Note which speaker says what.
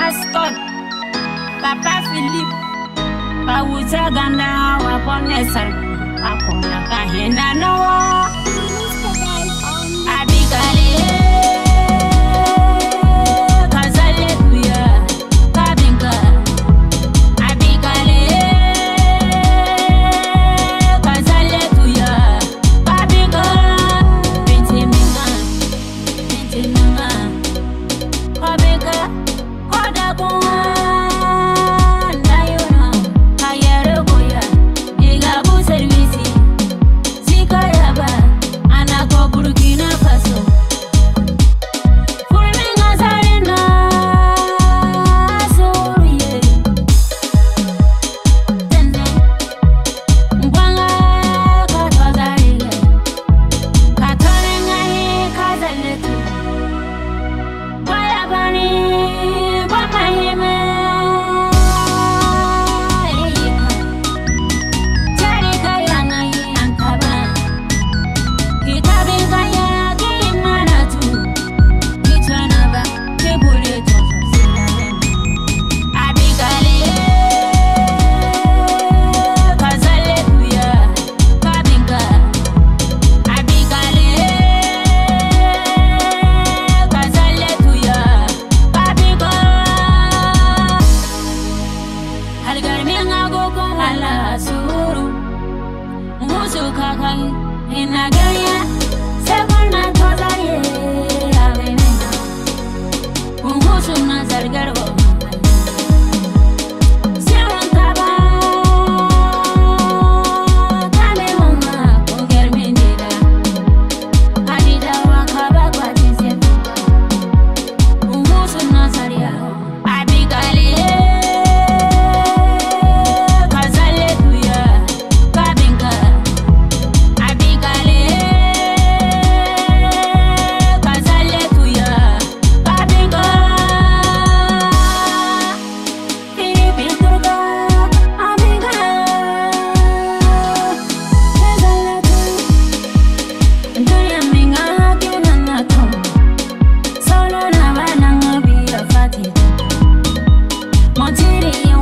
Speaker 1: Mascot, Papa Philippe, Pawuta Ganda, Waponesa, Apona Kahina Noah. Tudo que tenham